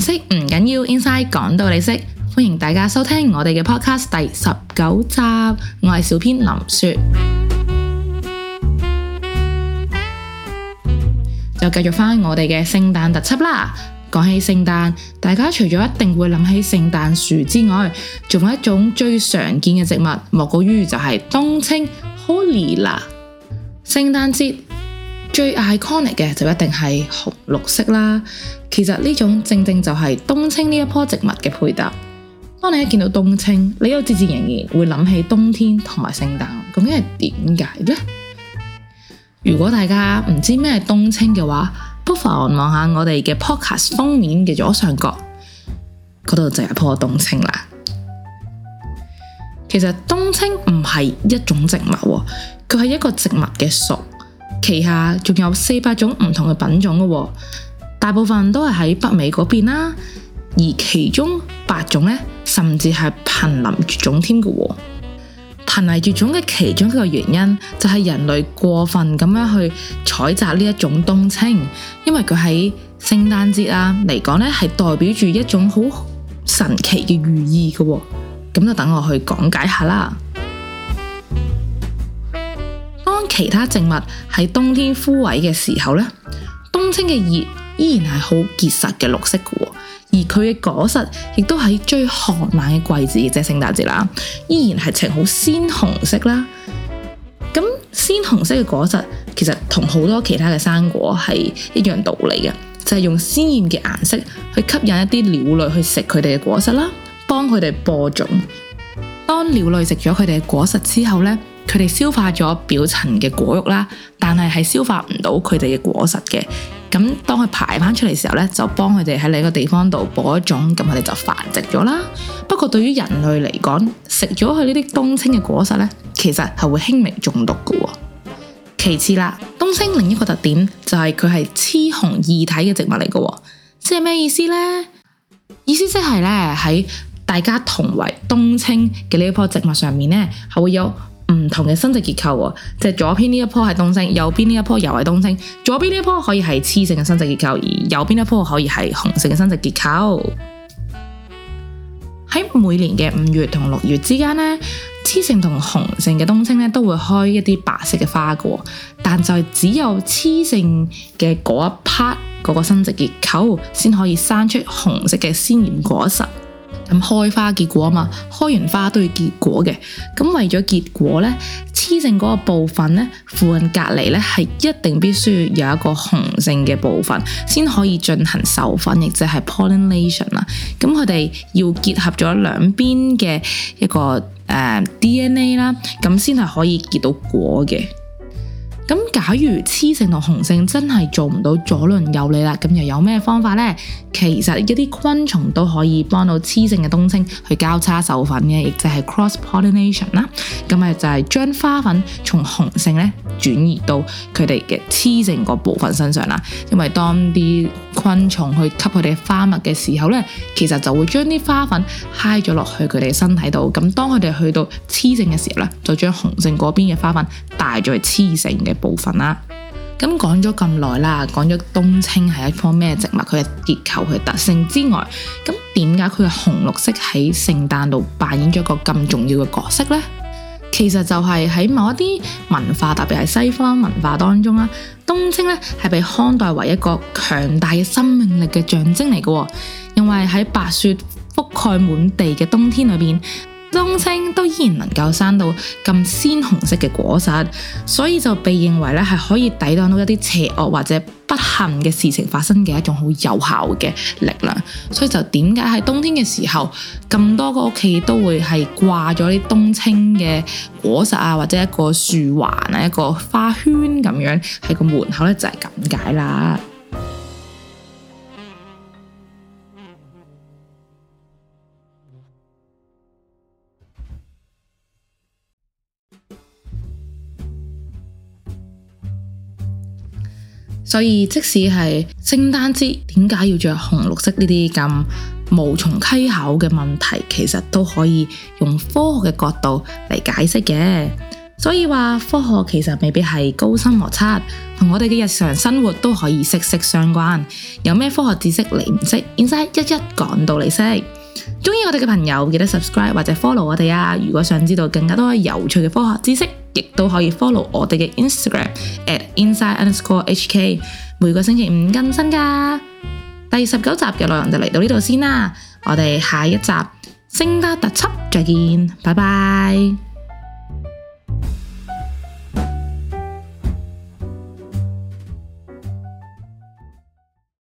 識唔緊要，Inside 講到你識，歡迎大家收聽我哋嘅 Podcast 第十九集。我係小編林雪，就繼續翻我哋嘅聖誕特輯啦。講起聖誕，大家除咗一定會諗起聖誕樹之外，仲有一種最常見嘅植物，莫過於就係冬青 Holly 啦。聖誕節。最 iconic 嘅就一定係紅綠色啦，其實呢種正正就係冬青呢一棵植物嘅配搭。當你一見到冬青，你又自自然然會諗起冬天同埋聖誕，咁係點解呢？如果大家唔知咩係冬青嘅話， 不妨望下我哋嘅 podcast 封面嘅左上角，嗰度就有一棵冬青啦。其實冬青唔係一種植物，佢係一個植物嘅屬。旗下仲有四百種唔同嘅品種嘅，大部分都係喺北美嗰邊啦。而其中八種咧，甚至係瀕臨絕種添嘅。瀕臨絕種嘅其中一個原因，就係人類過分咁樣去採摘呢一種冬青，因為佢喺聖誕節啊嚟講咧，係代表住一種好神奇嘅寓意嘅。咁就等我去講解下啦。其他植物喺冬天枯萎嘅時候呢，冬青嘅葉依然係好結實嘅綠色嘅，而佢嘅果實亦都喺最寒冷嘅季節，即係聖誕節啦，依然係呈好鮮紅色啦。咁鮮紅色嘅果實其實同好多其他嘅生果係一樣道理嘅，就係用鮮艷嘅顏色去吸引一啲鳥類去食佢哋嘅果實啦，幫佢哋播種。當鳥類食咗佢哋嘅果實之後呢。佢哋消化咗表層嘅果肉啦，但係係消化唔到佢哋嘅果實嘅。咁當佢排翻出嚟嘅時候呢，就幫佢哋喺另一個地方度播種，咁佢哋就繁殖咗啦。不過對於人類嚟講，食咗佢呢啲冬青嘅果實咧，其實係會輕微中毒嘅。其次啦，冬青另一個特點就係佢係雌雄異體嘅植物嚟嘅，即係咩意思呢？意思即係呢，喺大家同為冬青嘅呢棵植物上面呢，係會有。唔同嘅生殖結構喎，即係左邊呢一棵係冬青，右邊呢一棵又係冬青，左邊呢一棵可以係雌性嘅生殖結構，而右邊一棵可以係雄性嘅生殖結構。喺每年嘅五月同六月之間咧，雌性同雄性嘅冬青咧都會開一啲白色嘅花個，但就係只有雌性嘅嗰一 part 嗰個生殖結構先可以生出紅色嘅鮮艷果實。咁開花結果吖嘛，開完花都要結果嘅。咁為咗結果呢，雌性嗰個部分呢，附近隔籬呢，係一定必須要有一個雄性嘅部分，先可以進行授粉，亦即係 pollination 啦。咁佢哋要結合咗兩邊嘅一個、呃、DNA 啦，咁先係可以結到果嘅。咁假如雌性同雄性真係做唔到左鄰右里啦，咁又有咩方法呢？其實一啲昆蟲都可以幫到雌性嘅冬青去交叉授粉嘅，亦就係 cross pollination 啦。咁咪就係將花粉從雄性咧轉移到佢哋嘅雌性嗰部分身上啦。因為當啲昆蟲去吸佢哋嘅花蜜嘅時候咧，其實就會將啲花粉揩咗落去佢哋身體度。咁當佢哋去到雌性嘅時候咧，就將雄性嗰邊嘅花粉帶咗去雌性嘅部分啦，咁講咗咁耐啦，講咗冬青係一棵咩植物，佢嘅結構、佢特性之外，咁點解佢嘅紅綠色喺聖誕度扮演咗一個咁重要嘅角色呢？其實就係喺某一啲文化，特別係西方文化當中啦，冬青咧係被看待為一個強大嘅生命力嘅象徵嚟嘅，因為喺白雪覆蓋滿地嘅冬天裏面，冬青都依然能夠生到咁鮮紅色嘅果實，所以就被認為咧係可以抵擋到一啲邪惡或者不幸嘅事情發生嘅一種好有效嘅力量。所以就點解喺冬天嘅時候咁多個家屋企都會係掛咗啲冬青嘅果實啊，或者一個樹環啊，一個花圈咁樣喺個門口咧就係咁解啦。所以即使係聖誕節點解要著紅綠色呢啲咁無從稽考嘅問題，其實都可以用科學嘅角度嚟解釋嘅。所以話科學其實未必係高深莫測，同我哋嘅日常生活都可以息息相關。有咩科學知識你唔識，依家一一講到你識。中意我哋嘅朋友，記得 subscribe 或者 follow 我哋啊！如果想知道更加多有趣嘅科學知識，亦都可以 follow 我哋嘅 Instagram at inside underscore hk。每個星期五更新噶。第十九集嘅內容就嚟到呢度先啦，我哋下一集《升加特輯》再見，拜拜。